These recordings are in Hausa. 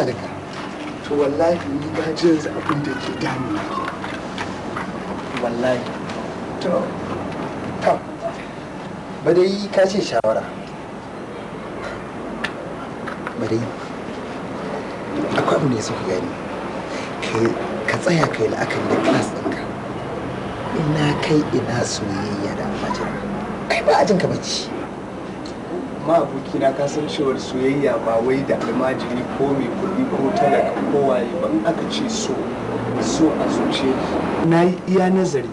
magana da kai to wallahi ni ba jin abin da ke dami wallahi to to ba dai ka ce shawara ba dai akwai abin da ya suka gani ka tsaya kai la'akari da class ɗinka ina kai ina soyayya da majina kai ba ajin ka bacci ma abokina ka san cewar soyayya ba wai da almajiri ko mai kuɗi ko talaka ko waye ban aka ce so so a zuce na yi iya nazari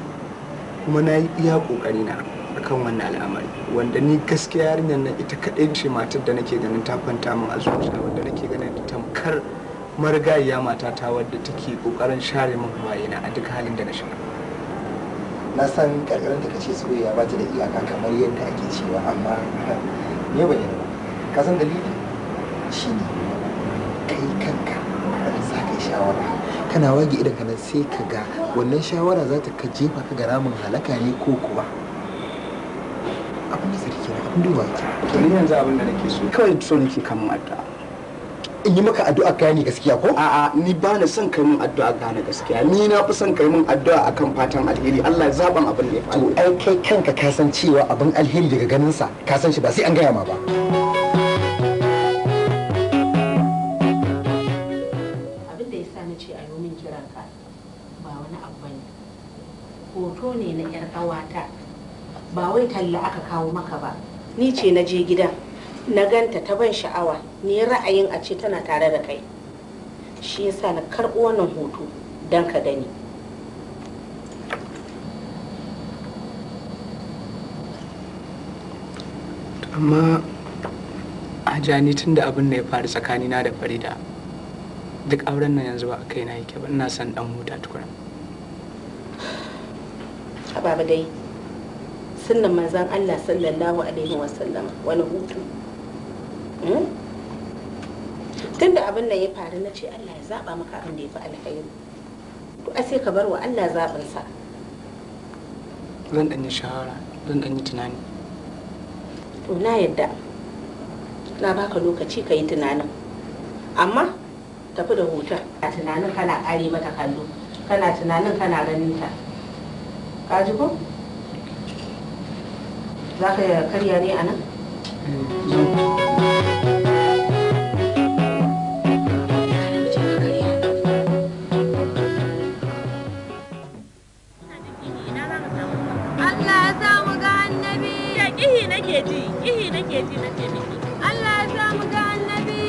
kuma na yi iya ƙoƙari na akan wannan al'amari wanda ni gaskiya yarinyar nan ita kaɗai ce matar da nake ganin ta kwanta min a zuciya wanda nake ganin tamkar marigayiya ta wadda take ƙoƙarin share min wayena a duk halin da na shiga na san karkarin da kace soyayya ba ta da iyaka kamar yadda ake cewa amma ne ba yadda ka san dalili shi ne kai kanka da za ka yi shawara kana wagi idan kana sai ka ga wannan shawara za ta ka jefa ka ga ramin halaka ne ko kuwa abin da sarki na abin da ke ni yanzu abin da nake so kawai so nake kan mata. in yi maka addu'a kayani gaskiya ko a'a ni ba na son kai min addu'a gane gaskiya ni na fi son kai min addu'a akan fatan alheri Allah zaban abin da ya faru ai kai kanka ka san cewa abin alheri daga ganin sa ka san shi ba sai an gaya ma ba a kiran ka ba hoto ne na yar ƙawata ba wai talla aka kawo maka ba ni ce na je gidan na ganta ta ban sha'awa ni ra'ayin a ce tana tare da kai shi yasa na karɓo wannan hoto don ka gani amma a jani tun da abin da ya faru tsakanina da farida duk auren nan yanzu ba a kaina yake ba ina son dan huta tukuna baba dai sunan manzon Allah sallallahu alaihi wasallam wani hutu Hmm? tun da abin nan ya faru na ce Allah ya zaba maka abin da ya fi alkhairi to a sai ka bar wa Allah zaɓin sa zan danyi shawara zan danyi tunani to na yadda na baka lokaci ka yi tunanin amma tafi da hoton a tunanin kana kare mata kallo kana tunanin kana ganin ta ka ji ko za ka karya ne a nan eh, ihi nake ji nake miki Allah ya sa mu ga annabi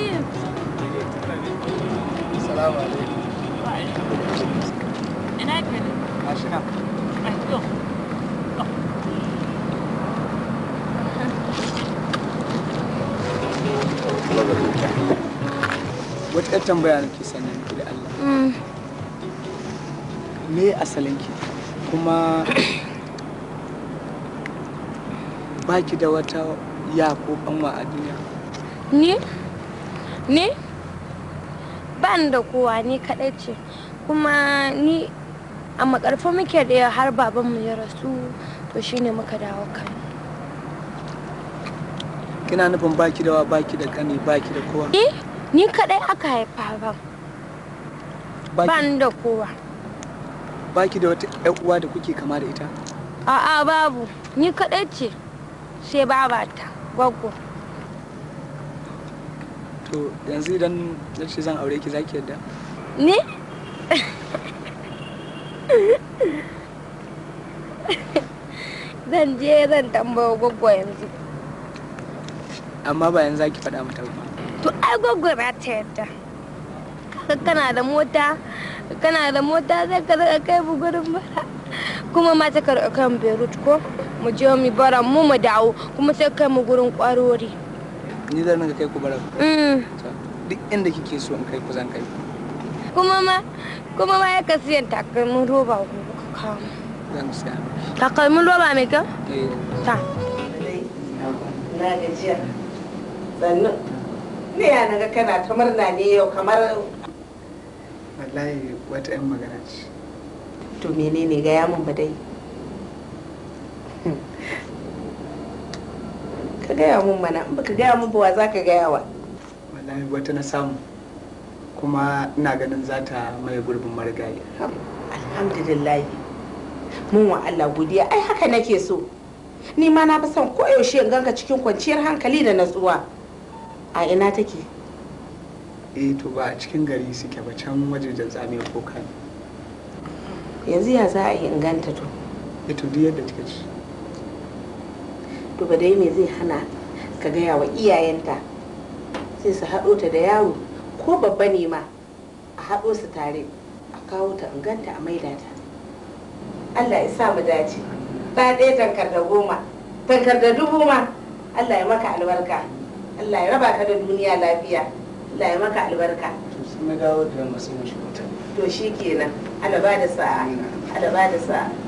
alaikum ne ashina ayo wata tambaya sanya da Allah mm. me asalinki kuma baki da wata ya ko kanwa a duniya ni ni ban da kowa ni kaɗai ce kuma ni a makarfa muke da har babanmu ya rasu to shine muka dawo kan kina nufin baki da wa baki da kani baki da kowa Ni? ni kaɗai aka haifa ban ban da kowa baki da wata ƴar uwa da kuke kama da ita a'a babu ni kaɗai ce sai babata gwaggo to yanzu idan na ce zan aure ki zaki yadda ni zan je zan tambayo gwaggo yanzu amma ba yanzu zaki faɗa mata ba to ai gwaggo ba ta yadda kana da mota kana da mota zai ka kai mu bara. kuma ma ta kan beirut ko mu je mu bara mu mu dawo kuma sai kai mu gurin kwarori ni zan ga kai ku bara mm. duk inda kike so in kai ku zan kai kuma ma kuma ma ya kasiyan takalmin roba ko ka zan siya takalmin roba mai ka eh. ta na gajiya sannu ne ya naga kana ta murna ne yau kamar wallahi wata 'yan magana ce to menene gaya min ba dai ka gaya mun mana in baka gaya mun ba wa za ka gaya wa wallahi wata na samu kuma ina ganin za ta maye gurbin marigayi alhamdulillah mun wa Allah godiya ai haka nake so ni ma na fi son koyaushe in ganka cikin kwanciyar hankali da natsuwa a ina take eh to ba a cikin gari suke ba can da tsamiyar ko ne yanzu ya za a yi inganta to ita eh duk yadda take ci to ba dai me zai hana ka gaya wa iyayenta sai su haɗo ta da yaro ko babba ne ma a haɗo su tare a kawo ta inganta a maida ta Allah ya sa mu dace ba ɗaya tankar da goma tankar da dubu ma Allah ya maka albarka Allah ya raba ka da duniya lafiya Allah ya maka albarka sun dawo da masu mashi to shi kenan alaba da sa'a alaba da sa'a